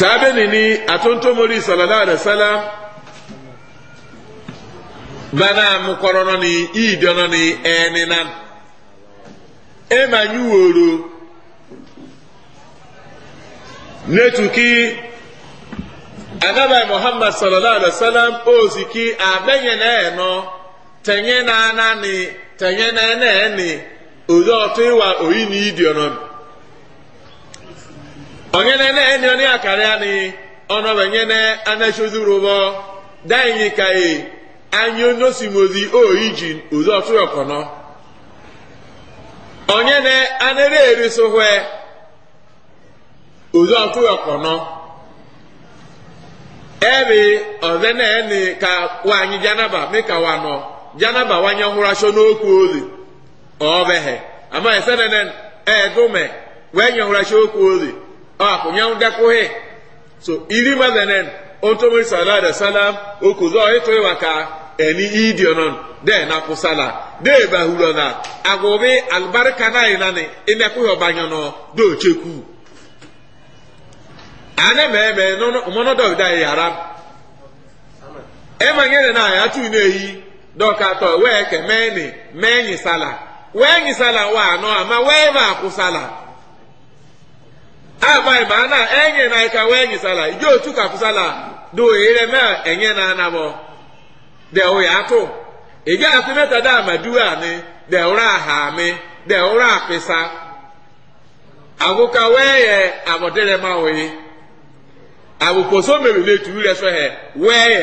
sábẹ́ ni àtúntòmórí sàlọ́lá rẹ̀ sálá bana mukɔrɔnɔ ni iidɔnɔ ni ɛɛnina ema nyuworo netuki anabai muhammad sallallahu alaihi wa sallam abenye na eno tenye na ene ni ozi otu iwa oyi ni iidɔnɔ ni. onyene na-enye onye akara ya ni ọnọbenyene anachozurụbọ dainyi ka e anyị onyosimozi oiji ozi ọtụ ọkọnọ onyene anere erisohwe ozi ọtụ ọkọnọ ebe ọzeneni e ka nwanyị janaba mịka wanọ janaba wanye ọhụrụ achọ n'okwu ozi ọbeghe amaghị senenen edume wee nye ọhụrụ achọ okwu ozi akunyawu ah, dakuhe so iri mazenen ontomori sallallahu alaihi wasallam okuzo ito iwa ka eni idi onon de na kusala de bahuro na agobe albarka na inani do cheku do da na ya tu ne yi agbaghị ma a na-enye na ịka wee sala ije otu ka pụsala do ere na enye na anabọ de ụya atụ ị gaghị asị metada amadu ani de ụra aha amị de ụra apịsa agụka wee ye abọdere ma oyi abụposo mere na-etu ire so wee ye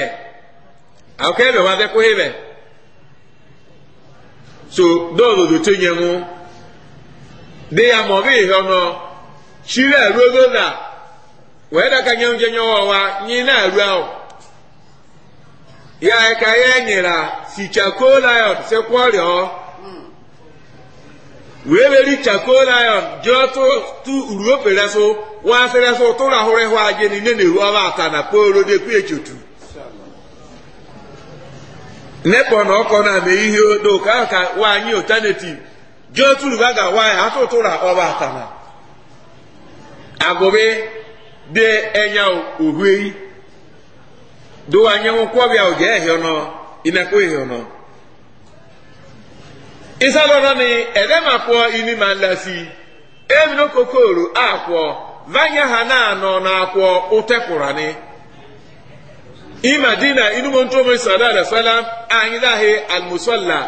akụkọ ebe wa dịkwụghị ibe so dọọdụ nye nwụ di ya ma ọ bụ ihe ọnụ shiri eruogo na wee daka nye wa nye ọwa na ahụ ya ka ya nyere si chakoo lion sekwa ọ wee weri chakoo lion ji ọtụtụ uru opere so wasịrị so tụrụ ahụrụ ịhụ ajị niile na-eru ọba ata na poro dekwu na ọkọ na ame ihe odo ka ahụ ka nwaanyị otanetiv ji otu ruba ga nwaanyị atụtụra ọba ata na agobe de enya uhui do anyanwụ kwọbịa oge ehio nọ inekwa ehio nọ isalọrọ ni edemakwọ ini ma nlasi emino kokoro akwọ vanya ha na anọ na akwọ utekwura ni imadina inumo ntomi sallallahu alaihi wasallam anyị dahi almusalla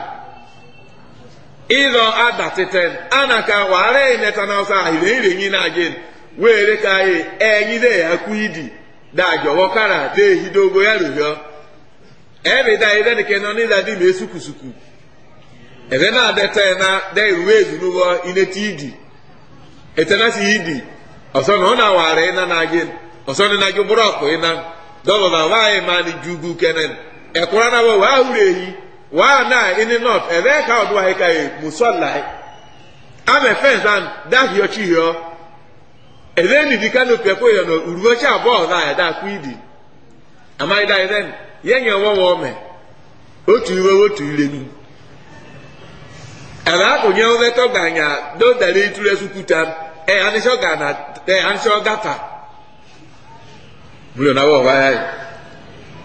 ịzọ adateten anaka wara eneta na ọsọ ahịrị nrenyi na ajin were ka anyị enyide ya kwidi dajọwọ kara dehide ogo ya rụhịọ ebidaire dike nọ n'ịda dị ma esukusuku ebe na-adeta na dairuwe ezinụlọ ineti idi etenasi idi ọsọ na ọ na-awara ịna na-agị ọsọ na na-agị bụrụ ọkụ ịna dọbọ na nwaanyị ma ni jugu kenen ekwura na wee hụrụ ehi waa na ịnị nọt ebe ka ọdụ ahịka ya musọla amefe nzan dahịọ chihịọ ezeni di kanopi ekwe yọ n'uruochi abụọ ọzọ aya dakwa idi amaghịda ezen ya nye ọwọwọ ome otu iwe otu ilenu ala akụnye oze tọganya dodara itule sukuta ee anịsọ ga na ee anịsọ gata bụrụ na wọwa ya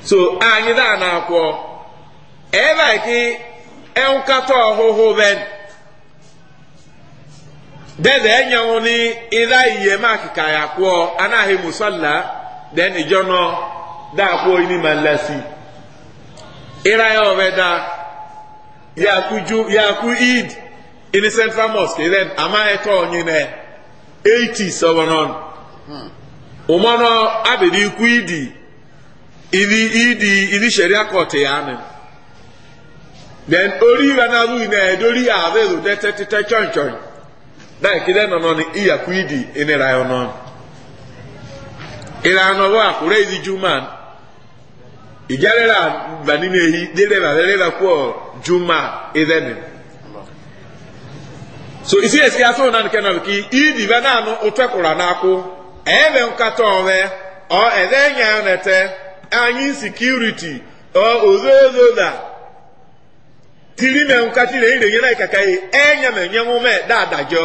so anyị da na akwọ ebe a ki enkatọ ọhụhụ benu dede enyanwụ ni ịra ihe maakị ka ya kwụọ anaghị musalla den ijọ nọ da akwụọ ini ma nlasi ịra ya ọbeda ya kwuju ya kwu id ini central mosque then amaghị tọ onye na 80 sọbọnọn ụmọnọ hmm. abịrị ikwu idi ili idi ili sheria court ya anị then ori ịra na abụghị na edori ya abịrị dete tete chọnchọnchọ dáìkílẹ̀ nọ̀nà ni ìyàkú ìdì ìnira ọ̀nà ìlànà wà kúrẹ́ ìdí juma ìjẹ́rẹ́rà bà nínú èyí dérẹ́rà dérẹ́rà kú ọ̀ juma ìdẹ́nu. so isi esi aso na nke na ki idi be na anu utwekura na aku ebe nkata owe o ede nya te anyi security o ozozo da tiri me nkati le ire nya na ikaka e enya me nyamu me da adajo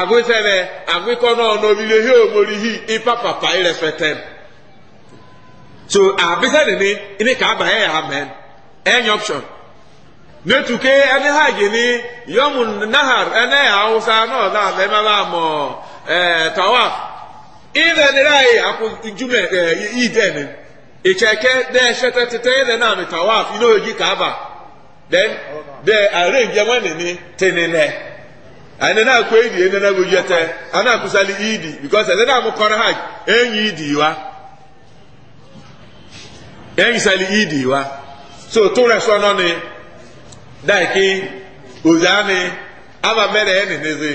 agwịsere agwịkọ n'ọnọbile ihe omorihi ịpapapa m so abịsadịnị ịnị ka abanye e ya mee enye option netuke ẹni ha gini yọmu nahar ẹni hausa náà náà mẹmẹrẹ àmọ ẹ eh, tawaf ilẹ̀ nira yìí àpò ìjúmẹ̀ ẹ yìí dẹ̀ ni ìkẹ̀kẹ́ dẹ̀ ṣẹtẹ tẹtẹ ilẹ̀ náà mi tawaf ilé òjì kaaba then dẹ̀ arrange ẹ̀ ni nìní anyị na-akụ idi ene na gojete a na-akụsali idi bikos ene na-amụkọrọ ha enyi idi wa enyisali idi wa so tụresọ nọ ni daiki ozani aba mere ene neze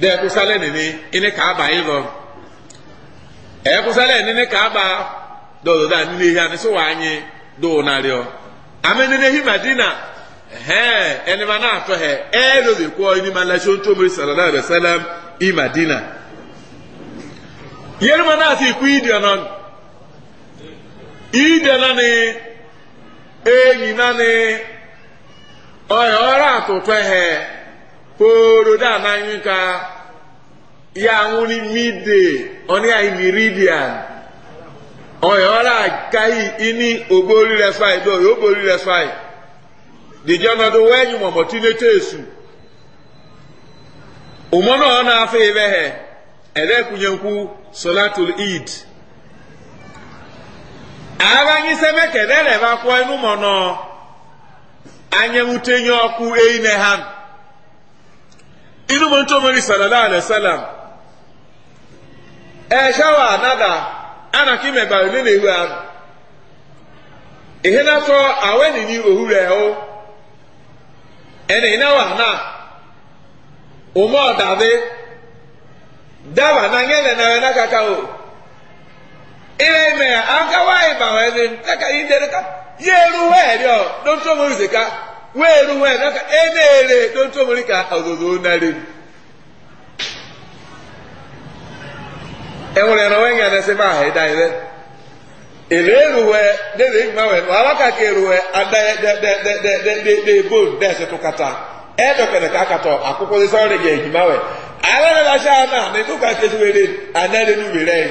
de kụsali nene ene ka aba ịlọ e kụsali nene ka aba dọdọ da nne ihe anyị sụwa anyị dụ narịọ amenene hi madina hɛn ɛnima náà tɔ hɛ ɛɛdɔ bi kɔ ɛnima lɛsɛ ntomori sallallahu alaihi wa sallam ima dina yɛnima náà ti kú ìdí ni ɛyìn náà ni ɔyɛ ɔrɔ àtúntò hɛ kóró dáa náà yín ká yà àwọn ní midday ɔní àyè meridian ɔyɛ ɔrɔ àkáyì ìní ògbórí rẹ fáì dọ̀ yóò borí fáì. dijana do wɛnyi mɔmɔ ti ne teesu ɔmɔ naa ɔna afei bɛ hɛ ɛdɛ e kunyanku solatul eid abanyisɛmɛ kɛdɛ lɛ ba kɔ ɛnu mɔ nɔ anyɛnwute nyɔku eyi nɛ ham inu mɔ ntomori sallallahu alaihi salam ɛhyɛwa e anada anaki mɛba ne na ehu ano ehena sɔ awɛ nini ohu rɛ o. ɛnna ina wa na ɔmo na nye na na kaka o ilẹ̀ ìmẹ̀ akawa ìbà wẹ̀ ni lẹ́ka yìí dẹ́rẹ́ ká ka wẹ̀ eru wee rịọ mo rìn ká wéeru wẹ̀ lẹ́ka énéèrè lóńtó mo rìn ká òzòzò nàlẹ́ nu. ẹ̀wọ̀n ẹ̀rọ wẹ̀ ń yànnẹ́sẹ̀ máa dá eleruwe dede imawe wawaka keruwe ada ọ de de bon na na ka ke suwere anele nu ime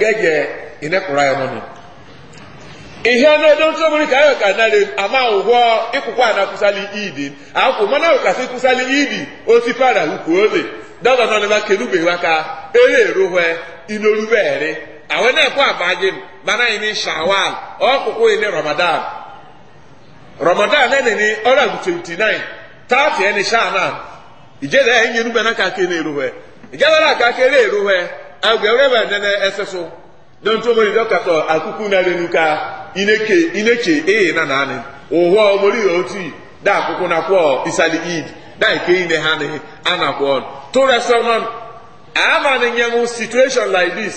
gege ihe na edo so muri ka yo ka na le ama uwo ikukwa na kusali idi aku mana ka se kusali idi para ole dada no le ba kerube ere eruwe àwọn náà kó àbáyé mu bana ní shawal ọkùnkùn yìí ramadan ramadan náà ní ọ̀rọ̀ àgùtẹ̀wìtì náà táàtì ẹni ṣáàna ìjẹ́dá ẹ̀ ń yẹnu bẹ́ẹ̀ ní èrò hẹ́ ìjẹ́dá náà ní èrò hẹ́ so dọ́ntọ́ mọ́ni dọ́kàtọ̀ àkúkú náà lẹ́nu ká inéke inéke èyí náà ni dá náà id dá ìké yìí àmà ni mu situation like this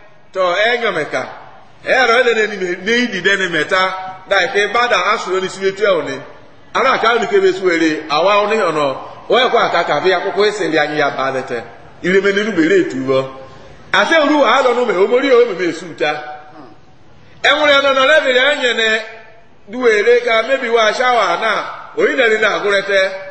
tɔ ɛnyɔmɛ e ka ɛyɛrɛ ɛlɛ nɛ n'eyi dɛ ne mɛta da yi ke ba da asuro ni sibe tu ɛwɔ ne ara ka ni kebe su ere awa ɔne hɔn nɔ wɔyɛ kɔ aka kafe akoko esele anyi ya ba lɛ tɛ ireme ninu bere etu bɔ ase olu wa alɔ nu mɛ omori o mɛ esu ta ɛnwere e nɔnɔ lɛbi lɛ ɛnyɛ nɛ duwere ka mebi wa asawa na oyi nɛri na agorɛ tɛ.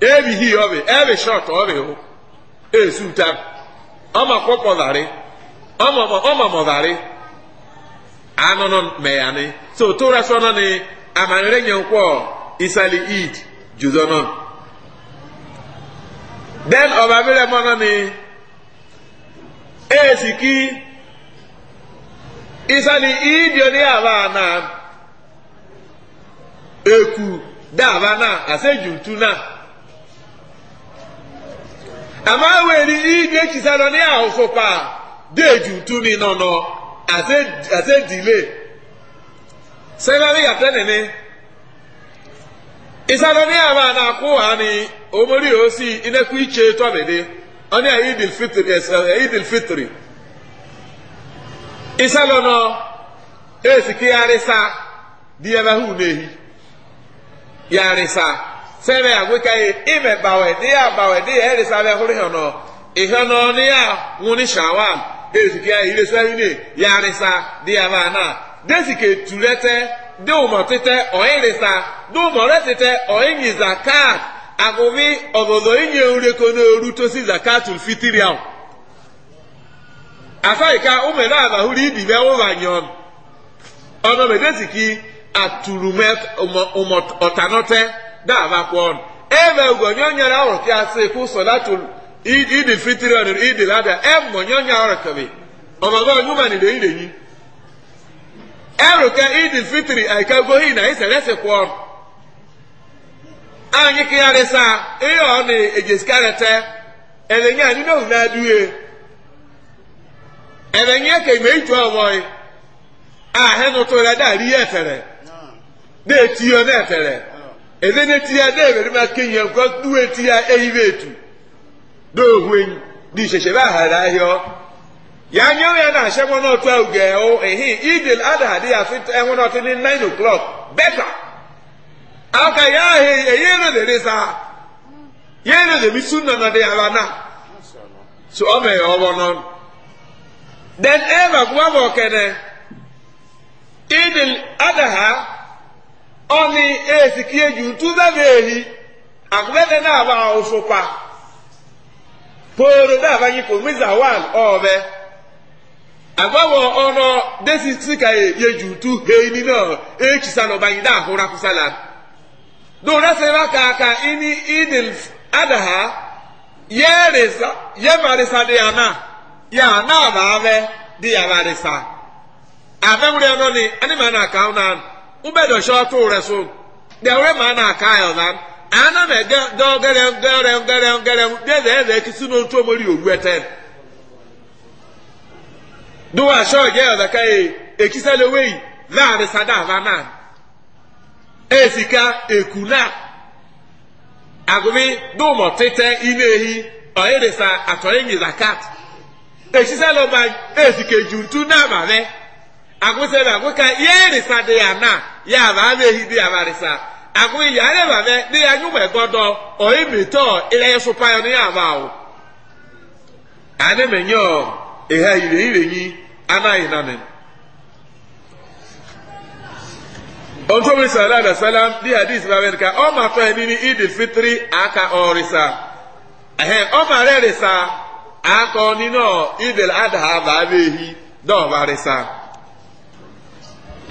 ebi hi ọbị ebi shọt ọbị hụ esu eh, tam ọma kwọpọlarị ọma mọlarị anụnụ meyani so tora sọnọ eh, ni amanere nye nkwọ isali id juzọnọ den ọbabere e ni esiki isali id yoni aba na eku daba na asejutu na. ama weri ige chisano ni ahosopa deju tumi nono ase ase delay sẹlẹri yàtẹ nìní ìsàlọ ní àbá náà kó wà ní omori òsì inekú ìtsẹ tọ́mìdì ọní ẹ̀yídìl fitiri ẹ̀yídìl fitiri ìsàlọ nọ èsì kí yarisa di ẹbẹ hù n'ehi yarisa. sɛbɛ agbeka yi ime bawɛ de ya bawɛ de ya ɛdi sabɛ hori hɔn nɔ ihɔn nɔ ne ya ŋuni shawam ezike ya ile sɛ ile yarisa de ya ba na desike tulɛtɛ de omɔ titɛ ɔyirisa de omɔ rɛ titɛ ɔyinyi zakat agobi ɔdodo inye oreko na oru tosi zakatul fitiri awo asayika umere abahuri ibi bɛ wɔba nyɔn ɔnɔ mɛ desike aturumɛ ɔmɔ ɔtanɔtɛ. na-abakwa ọnụ ebe ugonye onyere ọrụ ka asị kwụ solatul fitiri ọrụ idi lada ebe onye ọrụ kebe ọmọgọ ụmụ nide ire fitiri aikago hi na iserese kwa anyị kịgharịsa ihe ọnụ ejesikarịta elenye anyị na adịghị elenye ka ime ahụ nụtụrụ efere na na efere ebe n'eti ya na-ewere maka ihe nkwa eti ya ehibe etu dohuen dị ichechebe aghara ahịa ya nye ya na ahịa nwa ahụ ga-ehu ehi idil adagha ya fit enwe n'otu ni o'clock beta aka ya ahị eyi ero dere sa ya ero dere isu nọ nọ dị ya so ọ mere ọgbọ nọ eva gwa m okene idil adịghị. ọni esiki eju e- ntu bẹbẹ ehi akubẹbẹ na-agba ọsùpà pooro náà bá yín kò mísà wàn ọbẹ agbawọ ọnọ desi heini náà ekisa náà bá yín náà ahóra kusala dùn rẹsẹ ini idil adaha dị ya na ya na bá abẹ dị ya ubedo shotu resu de ore mana kayo nan ana me do anam gere gere gere de de de eze no tu omori owete do asho je da kai ekisale wei laare sada na esika ekuna agumi do mo tete inehi oyeresa atoyengi zakat ekisale ba esika ejuntu na mame agwụsịrị agwụ ka ihe rịsa dị ya na ya ba ehi di ya ba rịsa agwụ ya arebabe dị ya nyụmụ egodo oimitọ ire ịsụpa ya na ya ba awụ anemenye ihe ire ire nyi anaghị na nanị ontomi ala alaihi wasallam di hadith bawe ka ọ ma to ni idil fitri aka orisa ehe ọ ma re risa aka onino idil adha ba behi do ba risa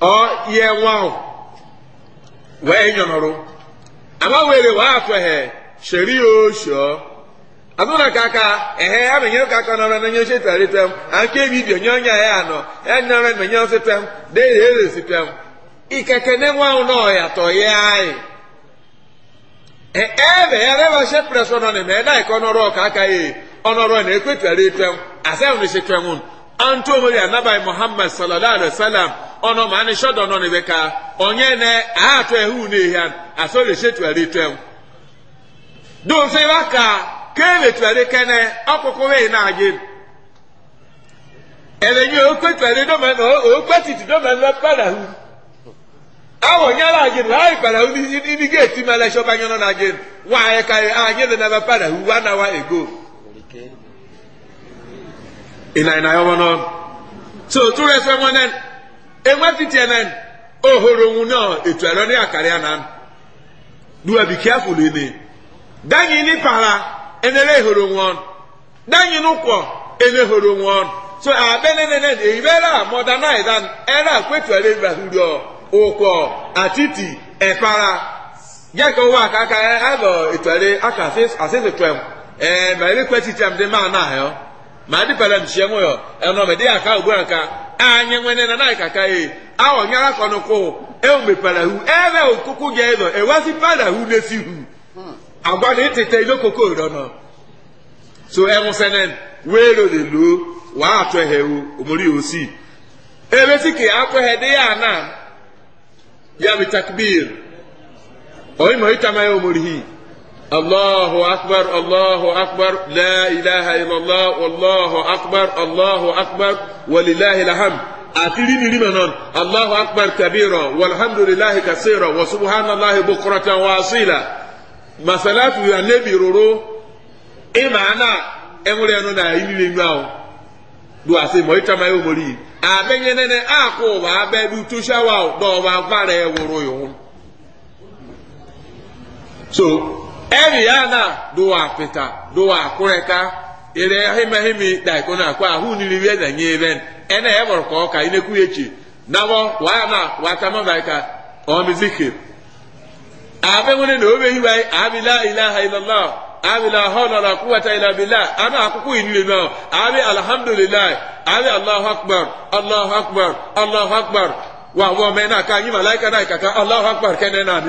ọ ihe nwa ahụ wee nyọnọrụ ama were wee afọhe sheri osho azụna ka aka ehe ya menye ka aka nọrọ na nyeshe taritem anke ebi ibi onye onye ya anọ e ya nyere menye ositem deri eresitem ikeke ne nwa ahụ n'ọya tọ ya anyị ebe e ya reba she presọ nọ na eme ya e da ike ọnọrọ ọka aka ya ọnọrọ na ekwetaritem asem na shetem unu antu omori anabai muhammad sallallahu alaihi wasallam ọnọ ma ni sọdọ nọ ni beka onye ne aatọ ehu ne ya ese tuare tẹm dunse wa ka kéèrè tuare kẹnẹ ọkọkọ wẹyìn náà yé ẹlẹyìn okpe tuare dọmọ ẹnọ okpe titi dọmọ ni ni e, na na ego. ịnarịna ya ọma n'ọnụ so tụrụ ese nwa nen enwe titi enen ohoro onwu na etu ẹrọ ní àkàrí àná duwa bi kíáfù lene danyi ní para enere ehoro wọn danyi n'ụkwọ ene ehoro wọn so abe nenene èyí bẹ́ẹ̀ rà mọ́dà náà ẹ̀dá ẹ̀rà àpètù ẹ̀rẹ́ ìgbàlúdọ̀ ụkwọ àtìtì ẹ̀para yẹ kí owó àkàkà ẹ̀ ẹ̀ lọ ètò ẹ̀rẹ́ àkàsí àsèsè tó ẹ̀ ẹ̀ mẹ̀rẹ́ pẹ́ títí àmì dé máa náà yọ. ma ndị pere mchie nwụyọ enomedi aka ugbu a nka anyị nwene na naị kaka e awọnyara kọnụkwụ ewumepere hu ebe okuku gị ezo ewezi pada hu n'esi hu agwa na ịtịta ilokoko orọnọ so enwụsenen wee rodeluo wee atụ ehe omori osi ebe ebesi ka atụ ehe dị ya na ya bitakbir oyi ma ịtama ya omori hi. الله أكبر الله أكبر لا إله إلا الله والله أكبر الله أكبر ولله الحمد أتريني لمن الله أكبر كبيرا والحمد لله كثيرا وسبحان الله بكرة واصيلا مثلات يا نبي رورو إما أنا أمري أنا نايني لنواو دو أسي مويتا ما يومري أبني نene أكو وأبني تشاواو دو وأبني ورو يوم so ẹrì yá na do wà pẹ̀tà do wà kúrẹ́ká èrè ahimahimi dàìkó náà kó àhú nílì wíyà nà nyé bẹ́ẹ̀ ẹnẹ ẹ bọ̀rọ̀ kọ́ ọ̀ka ineku yẹ kyi nàbọ̀ wàá náà wà tá ká ọ̀mí àbẹ̀wọ́n ilaha illallah àbílá họ́lọ́lá kúwàtà ìlàbílá àná àkókò ìnílẹ̀ náà àbí alhamdulilayi àbí allahu wọ́n mẹ́ náà ká náà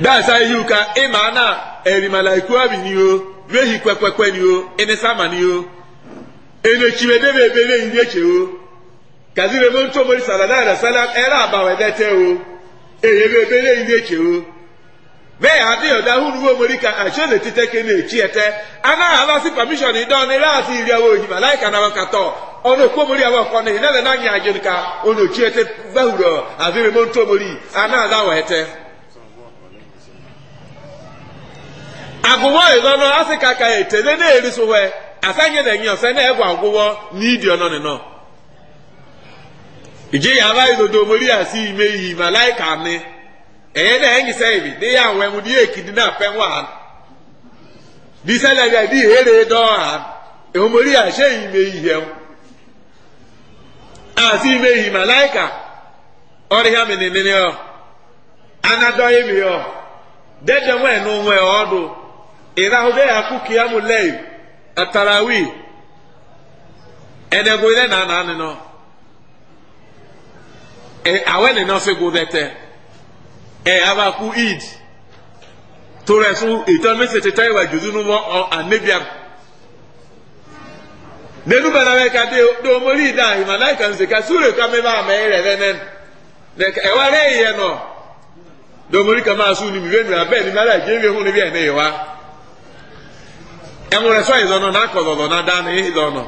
dasa ihe ụka ịma na erimalaiko abi ni o wehi kwekwekwe ni o enesama ni o enechibe debe ebere yi n'eche o kazire mo ntọ mori salada ala salam ẹrẹ abawo ẹdẹtẹ o eyebe ebere yi n'eche o bẹẹ adéyọ dahun wo mori ka àṣọ lè títẹ ké ní èkí ẹtẹ anáhà lọ sí pàmíṣọ̀nù ìdán ni láàfin ìrẹwò òyìnbá láìka náà wọn kàtọ ọ̀nà òkú mori àwọn ọkọ nìyí náà lè náà yẹ àjẹnìká ọ̀nà òkí ẹtẹ gbẹ̀hùrọ̀ àfihàn mo ntọ mori anáhà láwọ̀ ẹtẹ. agụwọ ịzọnụ asị ka ka etede na-erisuwe asanye na enyi ọsẹ na-egwu agwụwọ n'idi ọnọdụ nọ ije ya aba idodo omori asị ime iyi malaika anyị ẹyẹ na ẹnyi sẹyìn ní ya àwọn ẹmu di èkìdí náà fẹ́ wà án di sẹlẹ̀ rẹ̀ di èrè dọ́ọ̀ án omori àṣẹ ime iyi ẹ̀wọ̀n e asị ime iyi malaika ọrịa mìnìmìnì ọ anadọ́ emi ọ dẹ́dẹ̀ nwẹ̀ n'onwe ọdún. ìrahu bẹ́ẹ̀ akú kìámù lẹ́yìn àtàràwì ẹ̀dẹ̀gò ilẹ̀ nàánà nínú ẹ̀ id tó rẹ̀ sún ìtàn mẹ́sẹ̀ tẹ́tẹ́ ìwà jùdú nù mọ́ ọ ànẹ́bíàm nenu bana bɛ ka dị omori da imalayi kan se ka suure kame ba mɛ yɛrɛ bɛ enwere sọ ịzọ nọ n'akọzọzọ na ada na ịzọ nọ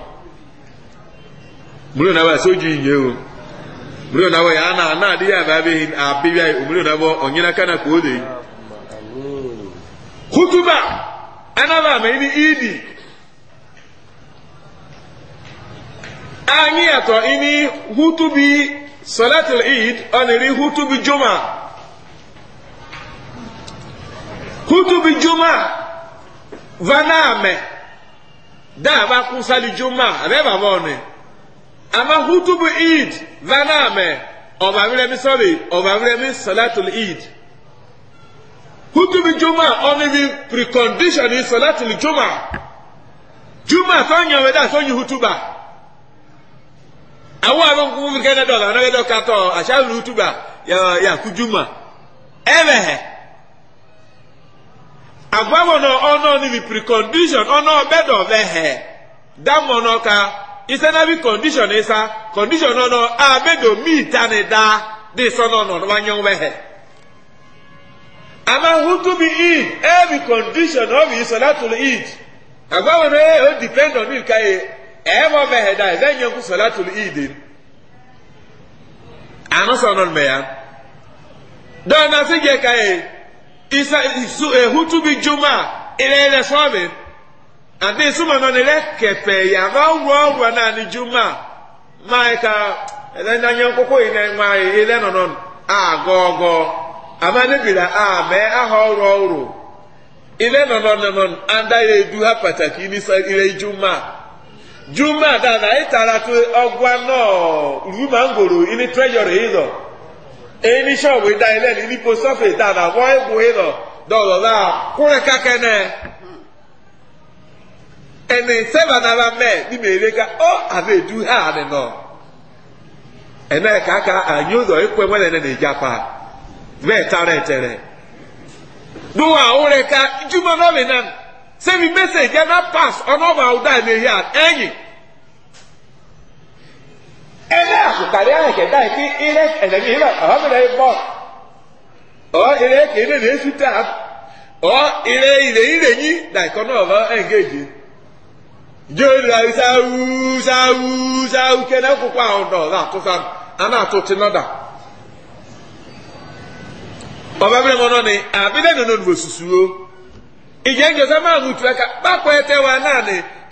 mmiri onabụ asọju o mmiri onabụ ya na ana adịghị aba abịghị abịbịa mmiri onabụ onye n'aka na ka o dị hutuba anaba ama ịdị ịdị anyị atọ hutubi salatul eid ọ hutubi juma hutubi juma vanaame daa ba ku sali juma abe ba bone ama hutubu eid vanaame ọba wílẹ̀ mi sọ́ọ̀rì ọba wílẹ̀ mi sọ́látùl eid hutubu juma only bi precondition ni salatul juma juma sọ́nyẹ̀ wẹ́dà sọ́nyẹ̀ hutuba àwọn àwọn nkùnkùn mi kẹ́ ẹ̀ dọ̀là ọ̀nà wẹ́dà kàtọ̀ àṣà hutuba yà kú juma ẹ̀ bẹ̀ agwawo na ọnụ n'ibi precondition ọnụ bedo bẹhẹ dámọ náà ka isẹ náà condition isa condition ọnụ abedo miita ni da dị sọ náà nọ n'ọba nyẹwò ama hutu bi eid every condition ọbi isọlátù eid agwawo na ẹ e, o depend on it ka e ẹ bọ da ẹ bẹ nyẹ nkú sọlátù eid anụ sọ nọ n'mẹ ya dọọ sị gị ka e isa hutubi juma ilẹ̀ẹ́lẹ̀ sọ́ọ̀bì àti ìsúmọ̀nà nílẹ̀ kẹfẹ́ yàrá ọ̀rọ̀ ọ̀rọ̀ náà ní juma máa ka ẹ̀lẹ́nyẹ kókó yìí náà máa yìí ilẹ̀ nọ̀nà àgọ́gọ́ àmà níbìlà ọrụ. àhọ́ ọ̀rọ̀ ọ̀rọ̀ ilẹ̀ nọ̀nà nọ̀nà àndáyé edu ha pàtàkì ilẹ̀ juma juma dáadáa ìtara èyí ṣọ́ọ̀bù ìdá ilẹ̀ ní ní post office dáadáa wọ́n ń bu ìlọ dọ̀lọ̀ láà kúrẹ́ kákẹ́ náà ẹni sẹ́fà náírà mẹ́ẹ̀ ka ọ ká ọ́ ha èdú hà nínú ẹ̀nà kàkà ànyóòzọ̀ ikú ẹ̀wọ́n lẹ́nu ní ìjàpá bẹ́ẹ̀ tara ẹ̀tẹ̀rẹ̀ dùn àwọn rẹ̀ ká jùmọ̀ náà mi náà sẹ́mi mẹ́sẹ̀jì ẹ̀ náà pass ọ̀nà ọ̀bà ọ̀dà ẹ̀ ẹnẹ àkùkàrí àhẹkẹta ẹkẹ ilẹ ẹnẹmí ilẹ ọhọmọdé bọ ọ ilẹ ẹkẹ esu ọ ire ire irenyi nyi ịkọ náà ọba ẹngéjì jóòlù sáwù sáwù sáwù kẹne kókó àwọn dọ̀ ọ̀dà àtúfà àná àtúntì ni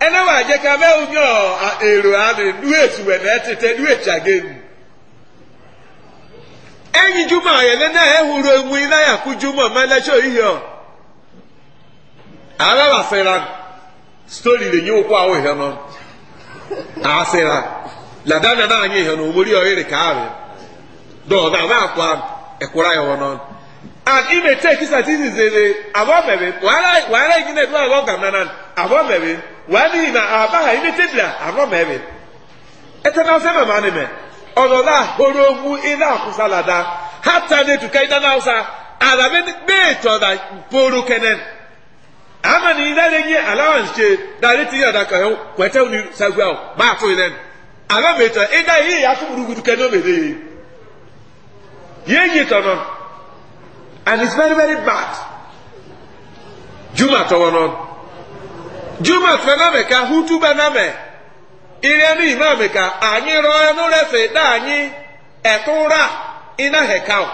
ene wa je ka me unyo ero ade etu suwe na etete duwe chagen enyi juma yele na ehuru emu ina ya juma mele cho ihio ara wa sera story le nyu kwa ohio lada na anyi ihio no omori oyere ka are do na akwa ekwura ekura yo no and he take his statistics ele abo mebe do wani na abaha ine tebla arọ mẹbi ẹtẹnà ọsẹ mẹma ni mẹ ọlọlá horo ogun ilé àkúsá lada hata ne tuka idan me be bẹẹ tọda poro kẹnẹn ama ni ilé lẹ nye allowance ṣe dari ti yàda kọ kwẹtẹ ni sagua o máa tó ilẹ ala mi tọ ẹdá yìí yà tó gudugudu kẹ ní o and it's very very bad juma tọwọ jumat na name ka hutuba name ire ni imam ka anyị rọọ enu refe da anyị etụra ina hekau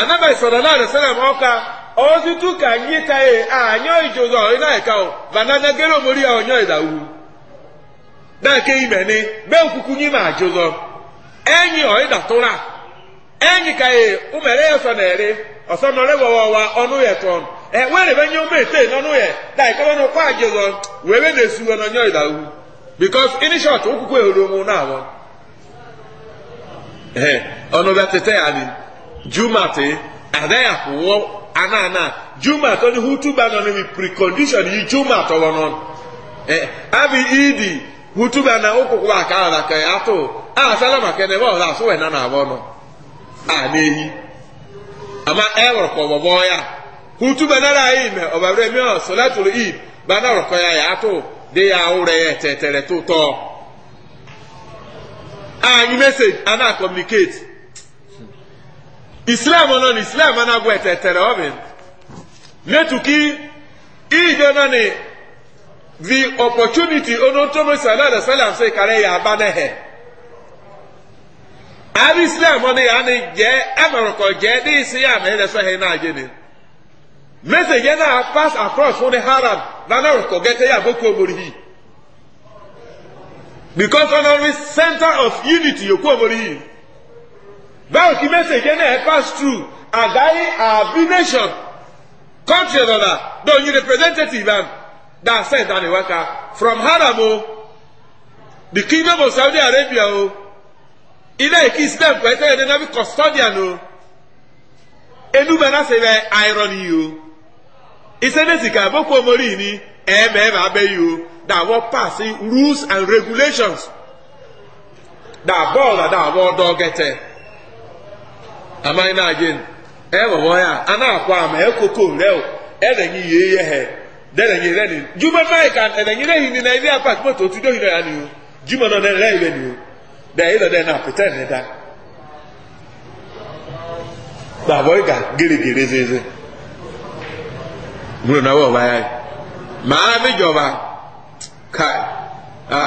anabai sallallahu alaihi wasallam ọka ozitu ka anyị taye anyị ijozo ina hekau banana gere omori ya onyo idawu da ke imeni be okuku nyi ma ajụzọ enyi oida tụra enyi ka ye umere ya sọ na ere ọsọ nọrọ wa ọnụ ya tọnụ enwere ebe nye ụmụ ete n'ọnụ ya daika ọnụ kwa agị ụzọ wee wee na-esi uwe n'onye ịda ugwu bikos ini shọt ụkwụkwọ ehoro ụmụ na awọ ee ọnụ bịa tete ya ni jumat adịghị ya kwụwọ ana ana jumat onye hutuba nọ n'imi prekondishọn yi jumat ọwọ n'ọnụ ee abị idi hutuba na ụkwụkwọ aka ala ka ya atụ a asala maka ebe ọzọ asụ wee na na awọ nọ a na-ehi ama e wụrụ ka ọgbọgbọ ya hutu banara yi mɛ ɔbɛwurɛ mi hàn sɔlɛtulu yi banara kɔ ya yàtò de ya awurɛ yɛ tɛtɛrɛ tó tɔ anyi ah, message ana communicate islam ɔnɔ ni islam ana gbɔ tɛtɛrɛ ɔbɛ metuki ijo nani the opportunity onotomo sallallahu alaihi wa sallam se kare ya ba ne hɛ ari islam ɔni yanni jɛ ɛmɛrɛkɔ jɛ ni isi ya mɛ ɛlɛsɔ hɛ n'ajɛ ni message yẹn pass across from the haram lánàá rẹ̀ kọ̀gẹ́tẹ́ yà bó kú omori because because ọ̀nà the center of unity yòókù omori yìí báwo kí message yẹn pass through àgbáyé àbí nation country ọ̀nà lóyún representative am that send down ìwáka from haram o oh. the kingdom of saudi arabia o oh. ilé ìkí islam pẹ̀lú ẹ̀dẹ́nàbí custodian o oh. enubẹ̀ náà ṣe bẹ́ẹ̀ irony o. isenesi ka boko omorini eme ebe abeghị o da wọ pass rules and regulations da bọọlụ da wọ dọgete amaghị na agin ewewọ ya a akwa ama ekoko reo edenye ihe ihe he dedenye reni juma mai ka edenye ni ilé otu dohi ya ni o juma nọ na rei reni o da ịlọ da na pete ne da da wọ ịga gịrịgịrị gbúdọ̀ náà ọba báyà màá jọba a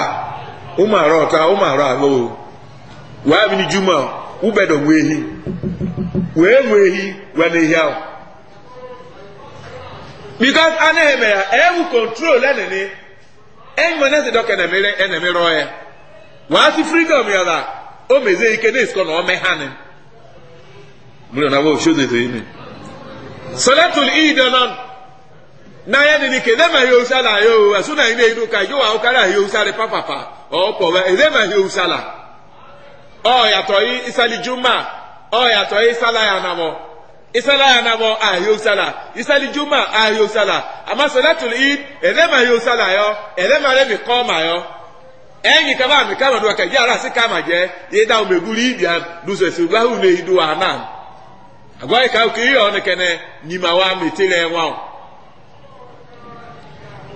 ó mà rọ ọ̀tá ó mà rọ mi ni juma ó bẹ̀dọ̀ ehi wèé wọ ehi wà ní ahụ because anaghị eme ya ewu kọntrol ẹnìní ẹnyìn mọ n'ẹsẹ ya waa freedom ya la o ike ní na ha n'anya dị dike edemaghị usala ya o asụ na ire iru ka jụwa ụkarị ahịa usarị papapa ọpọwa edemaghị usala ọyatọghị isali juma ọyatọghị isala ya na mọ isala ya na mọ ahịa usala isali juma ahịa usala amasalatul id edemaghị usala ya edemara mi kọ ma ya enyi kama mi kama duwa ka ji ara si kama je ịda umegburu ibia n'ụzọ esi ugbu ahụ na-eduwa anan agwaghị ka oke ihe ọ nekene nyimawa metire nwa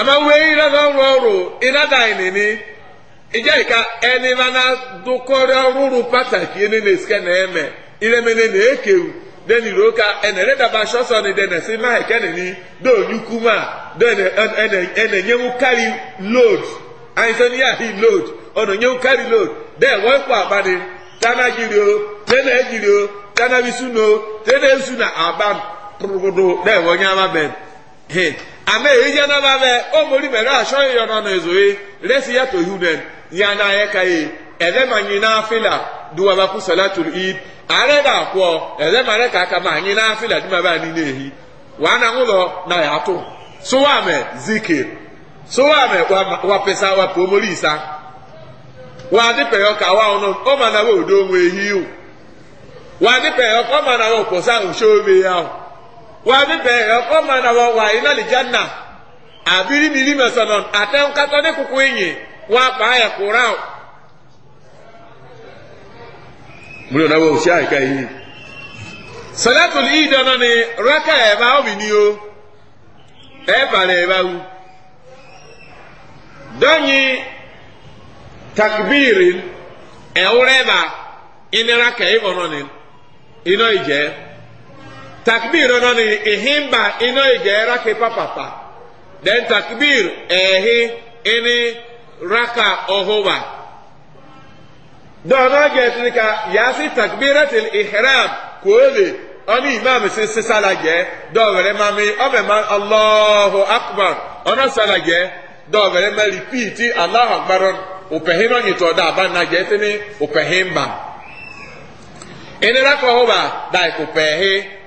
ama wee ịrada ọrụ ọrụ ịrada ịnịnị ije ka ẹni mana ọrụ ọrụrụ pataki ẹni na esike na eme iremene na ekewu deni roka ẹni redaba sọsọ ni deni si ma eke nini do onyukwu ma deni ẹni enyewu kari load anyị sọ ni ya hi kari load den wee kwa abani tana jiri o tena ejiri o tana bisu no tena esu na aban pụrụgụdụ den onye ama ben hit ama eje na babe o mori mere aso yo no no ezoe resi ya to huden ya na ye kai ebe manyi na afila duwa ba ku salatul eid are da ko ebe mare ka ka manyi na afila di ma ba ni nehi wa na ngulo na ya to so wa me zikir so wa me wa pesa wa pomori isa wa di pe yo ka wa ono o ma na we odo nwe hi o wa di pe yo ko ma na wo ko sa o so be ya o wa bí bẹ̀rẹ̀ ọkọ máa nà wà wà iná lè já nà àbírí mi rí mi sọ̀nà àtẹ̀wọ́kátọ́ ní kúkú ìyè wọn apá ẹ̀ kúrà o. múlò náà wọ òṣìṣẹ́ àìká yìí. sọ̀dọ̀tù ní ìdáná ni rákà ẹ̀ bá ọ̀mì ni o ẹ̀ bàrẹ̀ ẹ̀ bá wù. dọ́yìn takbiri ẹ̀wúrẹ́ bá iná rákà ẹ̀ bọ̀ náà ni iná ìjẹ́. takbir ọ̀nà ni ìhìnbà iná ìjẹ́ rákè pàpàpà then takbir ẹ̀hìn ẹni rákà ọ̀húnwà. dọ́ọ̀nà gẹ̀ẹ́sì ni ká yàásì takbiratil ihram kò lè ọ̀nà ìmáàmù sí sísàlàjẹ́ dọ́ọ̀bẹ̀rẹ̀ máa mi ọ̀bẹ̀ máa allahu akbar ọ̀nà sàlàjẹ́ dọ́ọ̀bẹ̀rẹ̀ máa rìpíìtì allahu akbar òpèhìn náà nyìtọ̀ dá àbánagẹ́ tẹ́ni òpèhìn bá. ẹni rákà ọ̀húnwà dà ìkòpèhìn.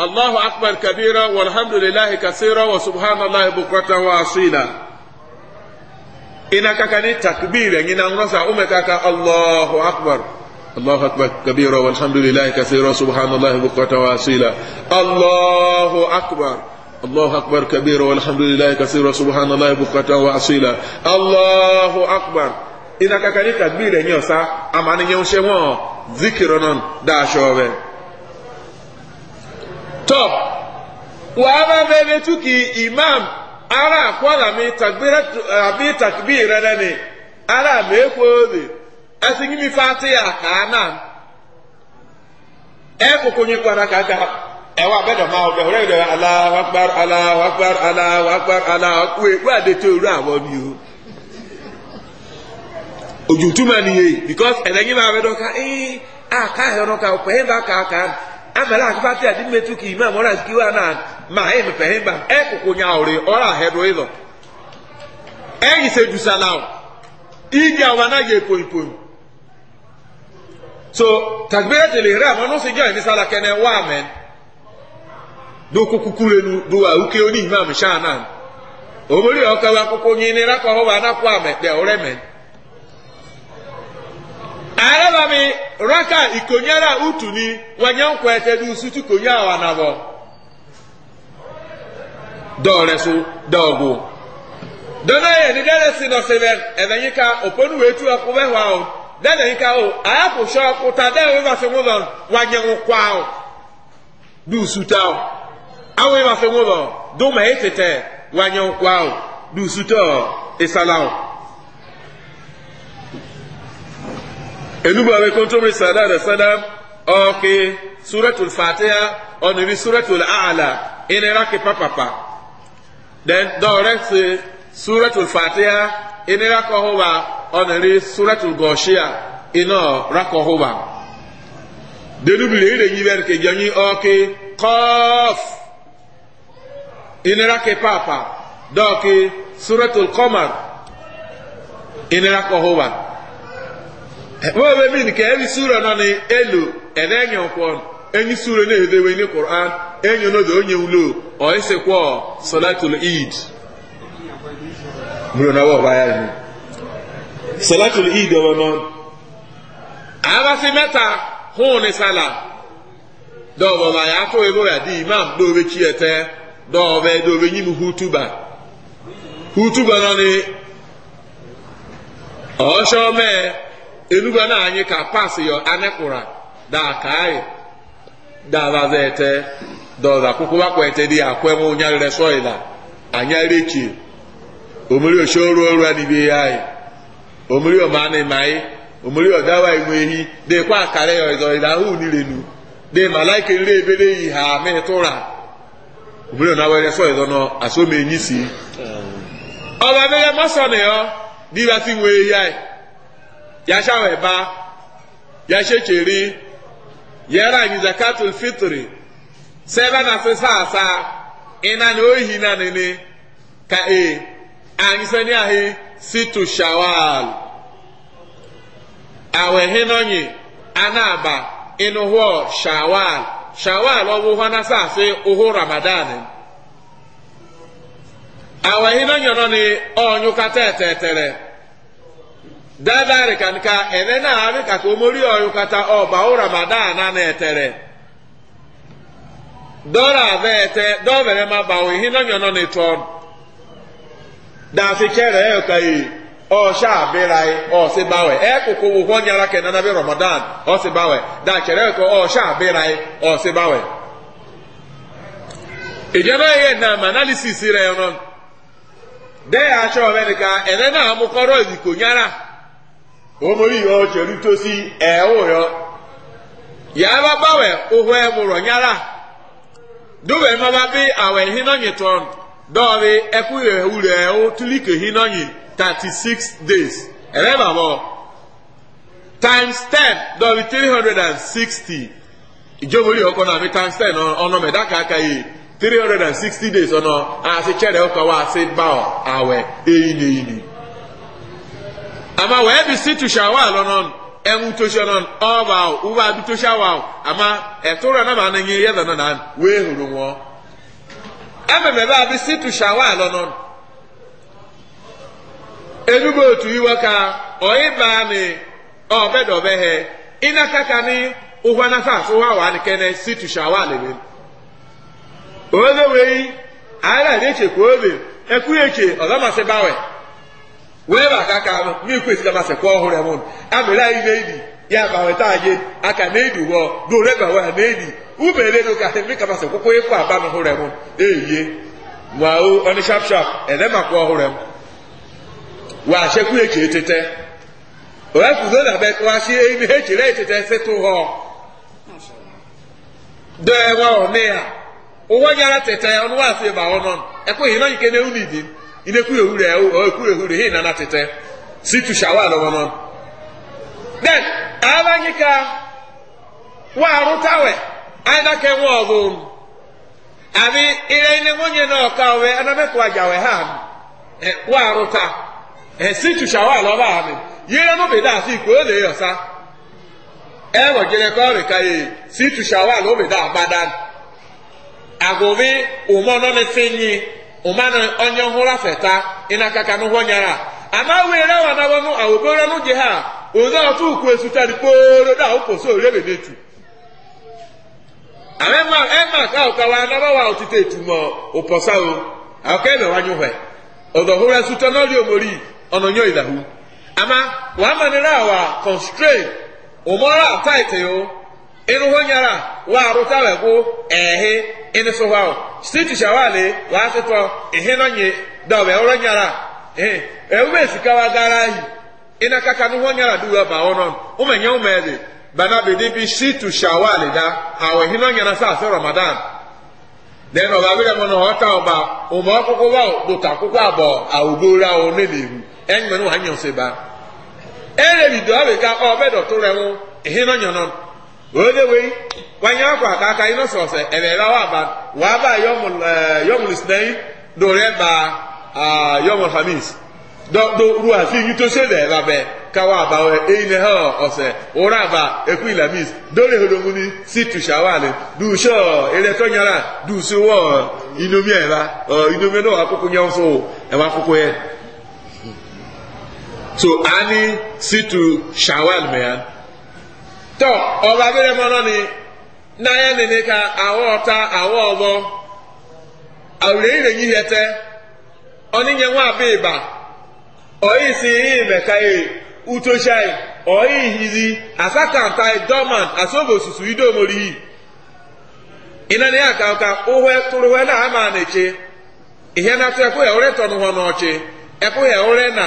الله أكبر كبيرا والحمد لله كثيرا وسبحان الله بكرة وأصيلا إنك كان تكبيرا إن أمرسا أمك الله أكبر الله أكبر كبيرا والحمد لله كثيرا سبحان الله بكرة وأصيلا الله أكبر الله أكبر كبيرا والحمد لله كثيرا سبحان الله بكرة وأصيلا الله أكبر إنك كان تكبيرا يوسا أما أن يوسا ذكرنا داشوا wàhálà mẹ́rin túkì imam ara àkọ́là mi àbí takbí rẹ̀ ni ara mẹ́kọ́ lè ẹsìn mi fàtí àkàánà ẹ kókó yín kwara kàkà ẹwà abẹ́dọ̀ máa ọbẹ̀ ọ̀rẹ́ ìdọ̀rẹ́ aláwàkpar aláwàkpar aláwàkpar aláwàkpar wíwá àdètò òru àwọn mi o ojú nìyẹn because ẹ̀dẹ̀yìn máa bẹ́dọ̀ ká ẹ́ ká ọ̀pẹ̀ bá amala ati adi metu ki imam ora zikiwa na ma he mpehe ba e kokonya ore ora hedo ido e yise dusa now ija wana ye poipoi so takbirat al ihram ono se join sala kene wa amen do kokukure nu do wa uke oni imam shana obori okawa ọka ni rakwa ho wa na kwa amen de ore men araba raka ikonyara utu ni wanye nkwa etedu usutu konye awa na bo dɔɔrɛ so dɔɔgo dɔnna yɛ ni dɛrɛ si nɔ sɛbɛ ɛbɛ yi ka oponu wo etu ɛkò bɛ hwa o dɛrɛ yi ka o aya sɔ kuta dɛ wo ma ŋo lɔ wanye ŋo o du usuta o awo yi ŋo lɔ do ma wanye ŋo o du usuta o esala o. enuba be kontomri sallallahu alaihi wasallam oke suratul fatiha oniri suratul a'la inera ke papapa then dore se eh, suratul fatiha inera ko hoba oniri suratul goshia ino rako hoba denubire ire yiber ke janyi oke qaf inera ke papa doke suratul qamar inera ko hoba wọ́n e bi nìkẹ́ ẹni súrọ̀ náà ni elu ẹ̀dẹ́ ẹ̀yìn ọ̀pọ̀ ẹni súrọ̀ náà èdè wẹ̀yìn ní quran ẹ̀yìn náà dòó nyẹ wúlò ọ̀ ẹ̀sẹ̀ kọ́ eid múlò náà wọ̀ báyà ni eid ọ̀wọ̀ náà meta mẹ́ta hún ní sálà dọ́ọ̀bọ̀ báyà tó ewé rẹ̀ di imam dóòwe kí ẹ tẹ́ yín náà enuba na anyị ka pas yọ anekpụra da ka anyị davaza ete dọza kwụkwụba kwa ete dị akwe nwe ụnyarịrị sọịla anyarechi omiri osoro ụra n'ibe ya anyị omiri ọmana ịmaị omiri ọdawa inwe ehi dịkwa akara ya ọzọ ịda ahụ nirenu dị malaika nri ebere yi ha metụra omiri ọnawere sọịzọ nọ asọmenyi si ọba mere masọ na ya dịbasi nwe ehi anyị yashaweba yashecheri ni zakatul fitri Seba na se sa ina ni oyi na nene ka e anyisɛ ni ahi situ shawal Awe awɛ hinɔnyi anaba inu ho shawal shawal ɔwɔ hɔ na se oho ramadan Awe hinɔnyi ɔnɔ ni ɔnyu ka tɛɛtɛɛtɛrɛ. dadari ka nka ene na-arị ka ka omori oyụkata ọba ụramadan na na-etere dọla ete dọvere ma bawo ihe nọnyọ nọ n'ịtọ dafi chere ka yi ọsha abịraghị ọsị gbanwe ekụkụ wụkwọ nyara ka nanabi ramadan ọsị gbanwe da chere ka ọsha abịraghị ọsị gbanwe ìjọba ihe na ma analysis rẹ ọrọ dẹ́yà aṣọ ọ̀rẹ́ nìkan ẹ̀rẹ́ náà mú kọ́rọ́ ìdìkò nyara. omori ihe ọjọ nítòsí ẹ ya yàrá bá báwẹ òhò ẹ mọrọ nyára dùbẹ má bá bí àwẹ hínànyì tán dọ́ọ̀rì ewu thirty six days times 10 dọ́ọ̀rì 360 hundred ọkọ na mi times 10 ọ̀nà nọ kàkà aka ihe 360 days ọ̀nà àti chẹ́rẹ̀ ọkọ̀ chere àti báwọ̀ àwẹ̀ eyín ama wee bi si tu shawal non enwu to shanon ọba o uba bi to shawal ama ẹtura eh, na ma nanyi yẹ dana na wee huru wọn ememe ba bi si alo shawal non enugbo otu iwe ka ọyị baa ni ọbẹ oh, dọbẹ hẹ ina kaka ni ụhwa na fa asụwa wa ni kene si tu shawal ni oge wee yi ara ere eche kwa oge ekwu eche ọzọ masị bawee. wee maka aka ahụ mmikwu esikamasị sekwa ọhụrụ emụ amịrị anyị na-ebi ya ma weta anyị aka na-ebi wọ dorebawa ya na-ebi ubere ego ka emi kamasị kwụkwọ ịkwụ aba na ọhụrụ emụ eyie ma o ọnị shap shap ede maka ọhụrụ emụ wa chekwu echi etete oya kuzo na be wa shi eyi na echi na etete sịtụ hɔ dee nwa ọ ne ya ụwa nyara tete ọnụ wa asị ba ọ e nọ na yike na ewu n'ibi. m. ina ekuru ehuru ewu oh, ekuru ehuru hii na tete situ shawal wọn. then abanyi ka wa arutawe ainake wọn ọdun abi ire ni nwunye na ọka ọwẹ anamẹkọ ajawe ha eh, wa aruta eh, situ shawal ọba ami yere no beda afi ikwe ole yọsa ẹ eh, wọ jẹrẹ kọ rika yi situ shawal ọbẹda abadan agobi ụmọ nọ n'efe nyi. umana onye hụra feta ịnaka ka n'ụgwọ nyara ama were wa na wọnụ awobere nụ gị ha ụdị ọtụ ukwu esutari kporo da ụpụsị orebe n'etu ama ema ema ka ụkawa anaba wa otite etu ma ụpọsa aka ebe wanye hwe ọdọ hụra esute n'ọrịa omori ọnọnyọ ịdahụ ama wa amanere awa constrain ụmọrọ ataịtị o inu nyara wa aruta wego ehe inu sohao situ shawale wa asito ehe nonye dawe oronyara eh ewe sikawa garahi ina kaka nu honyara duwa ba onon umenye umeze bana bidi bi da sa ramadan o babira mono hota oba umo akoko wa do takoko abo awugora oneleru enwe nu hanyo seba ere bidu ka to oyedewe wanya akwa eh, ah, ka aka yi nọsọrọ sẹ ẹbẹ ẹbẹ wa ba wa ba yọmul ẹ yọmul sinẹyi dòrẹ ba aa yọmul hamis dọ do ru afi yi tó ṣe bẹ ẹba bẹ ká wa ba wẹ eyi nẹ hẹ ọsẹ wúrà ba eku ilamis dórí eholomu ni si tùṣàwálẹ dùṣọ ẹlẹtọnyara dùṣọwọ inomi ẹba ọ inomi náà wà kókó nyẹ e wọn ẹwà kókó e. yẹ so ani situ tùṣàwálẹ mẹ tọ ọba abịrị mmanụ ni n'anya nene ka awa ọta awa ọgbọ awụrụ ire nyi hete ọnịnye nwa abịa ịba ọyị si ihe meka e utochai ọyị hizi asakantai dọman asobosusu ido yi ịnanị ya ka ka ụhwe tụrụ hwe na ama na-eche ihe na-atụ ekwụghị ụre tọnụ hụ n'ọchị ekwụghị ụre na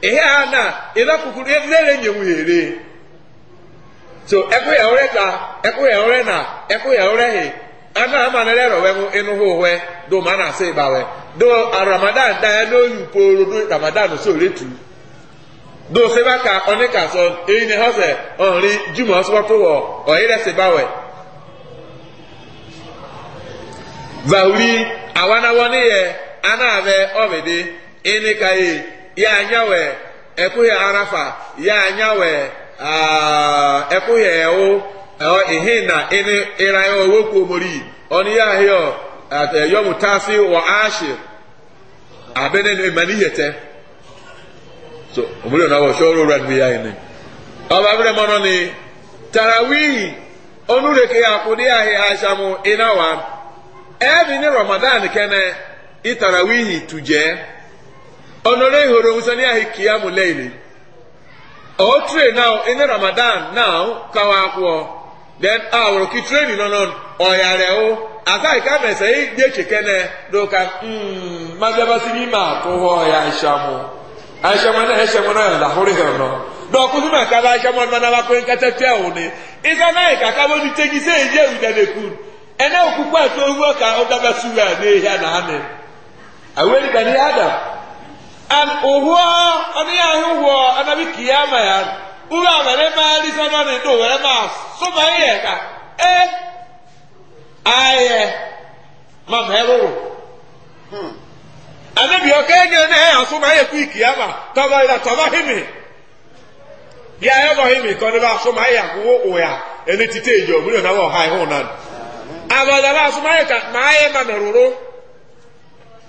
ihe a na ịna kukuru nlere nyenwuhere so ekwe ya ore ka ekwe ore na ekwe ore he ana ama na lero wewu inu hu we do ma na se ba do ramadan da ya no yu poro do ramadan so retu do se ba ka oni ka so eyi ne ho se ori jimo so to wo o ire se ba we awana woni ye ana ave obede ini ka ye ya nyawe ekwughị arafa ya nyawe ekwughị ewu ihe na ịraya ya ahịa eh, yọmụtasị wa ashir abene emaniyete so omori ọna wọ ṣọrọ rẹ nbí ya ni ọba abẹrẹ ọnụ ni tarawih onúreke akudi ahịa aṣamụ ịnawa ẹbí ní ramadan kẹne onore ihoro wusani ahi kiyamu leili o train now in ramadan now kawa akwọ then awuro ki train nonon ọyàrẹ o aka ika mẹsẹ yi de kekene do ka mm mazabasi ni ma ko hɔ ya nsamu nsamu na nsamu na yàrá hori hàn nọ dɔkutu ma kaba nsamu na naba ko nkata tẹ o ni isa na ika kaba ni tegi se eje udadekun ɛnɛ okuku ato owu ɔka ɔdaba suwa ne eya na hanẹ aweli bani adam. and ụhụọ ọdịghị ahụ ụhụọ anabiki ya ma ya uru a were maa risọnọ na ndo were maa sụba ihe ka e ayẹ ma ma ẹrụrụ hmm. anabi ọka ege na ẹyà sụba ihe kwi iki ya ma tọba ịla tọba himi ya ya bọ himi kọ ní bá sụba ihe akwụkwọ ụya ẹni títí èjì òmìnira náà wọ ha ihu náà hmm. abadala asụba ihe ka ma ayẹ ma mẹrụrụ.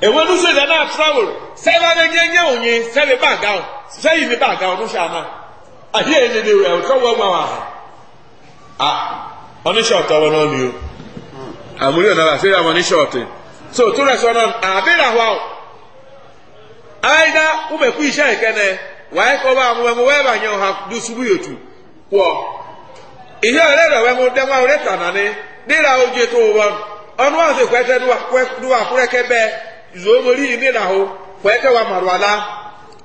èwe ní sèdè náà travel sẹ́wá bẹ nyẹ́ nyẹ́ ònye sẹ́ni báàgà ọ̀ sẹ́yìn ní báàgà ọ̀ níṣẹ́ àná àti èyí ni ìwé ọ̀tọ́ wọ́n mọ̀ wá. a oníṣẹ́ ọ̀tọ̀ wọn náà ni o àmúlẹ̀ náà àti àwọn oníṣẹ́ so tó rẹ̀ sọ náà àbẹ̀rẹ̀ àwa o. àyíká wọ́mẹ̀kú iṣẹ́ ìkẹ́nẹ wàá kọ́ bá àwọn ọmọ wẹ́ẹ̀bà yẹn ọ̀hà dùsùbù yòtù ihe ìṣe ọ̀rẹ́ rẹ̀ wẹ́mu dẹ́mọ́ ọ̀rẹ́ tànà ni nílà ojú ètò wọn zuomori nirahụ kwee kewa marụala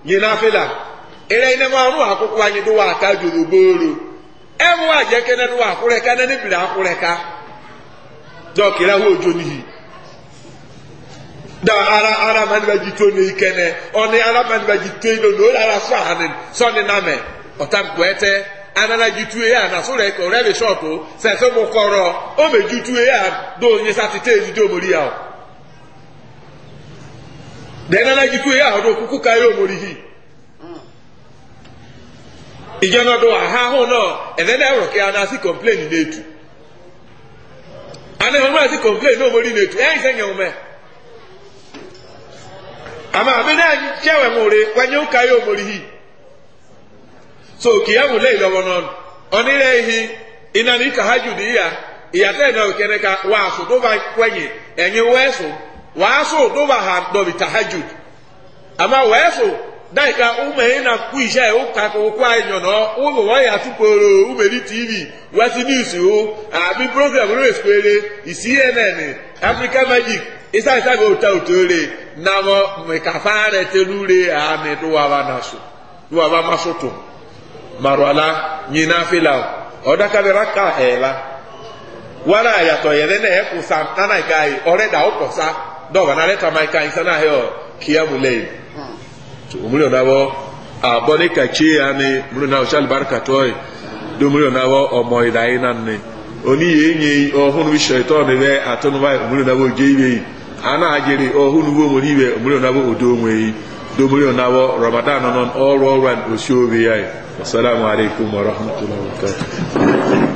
nye na afela ere ịnama marụ akwụkwọ anyị dụwa aka juru e gbooru enwa ji ekene akwụrịka na nebiri akwụrịka dọkịrị ahụ ojo n'ihi da ara ara maniba ji to ne ikene ọni ara na ara sọ e e na sọrọ ẹkọ rẹbi shọpụ o ya do o. dẹ́nà náà jìkú yà ọdún òkúkú ká yóò mórí yìí ìjọba ọdún àháhùn náà ẹ̀dẹ́ náà rọ̀ kí a náà sí kọ̀mpléènì n'etu àná ìwọ̀n náà sí kọ̀mpléènì náà mórí n'etu ẹ̀ ìṣẹ́ yẹn wọ́mẹ́ àmọ́ àmì náà jẹ́wẹ̀ múre wẹ́nyẹ́ ó ká mórí yìí so kì yà wùlé ìlọ́wọ́ náà ọ̀nìrẹ́ ihi ìnáni kàhájú nìyà ìyàtẹ̀ náà kẹ́nẹ́ka wà á sùn tó bá wẹ́yìn ẹ̀yin wẹ́sùn. wàásù dóba ha dọ̀bi tahajud àmà wẹ́ẹ́sù dáìka umeyi na kú iṣẹ́ ẹ̀ ó kakọ̀ òkú ụmụ ó bò wọ́n yà túpòrò umeri tv wẹ́sì níwùsì ó àbí program ló èsì eme cnn africa magic ìsàìsàgbẹ̀ òtá òtó re nàmọ mẹkàfà rẹ tẹlu re àmì dùwàbà nàṣù dùwàbà màṣùtù màrùwàlà nyina fìlà ọ̀dàkàbẹ̀rẹ̀ kà ẹ̀ la wàrà àyàtọ̀ yẹn lẹ́nà ẹ̀ kù sàm nánà ìka yìí ọ̀rẹ́dà ó kọ̀ dɔw kana ale tama ka nsa na hɛɔ kiyamu lɛyi omuli onabɔ abɔ ne kakye e. ya ne omuli onabɔ sali barika tɔɛ do omuli onabɔ ɔmɔ ida yi na ne oni yɛ nye ɔhunu bi sɔ itɔ ne bɛ atɔnu ba omuli onabɔ gye yi ana ajere ɔhunu wo omuli bɛ omuli onabɔ odo onwe yi onabɔ ramadan nɔnɔ ɔrɔ ɔrɔ osi obe ya yi wasalaamualeykum wa wa barakatuh.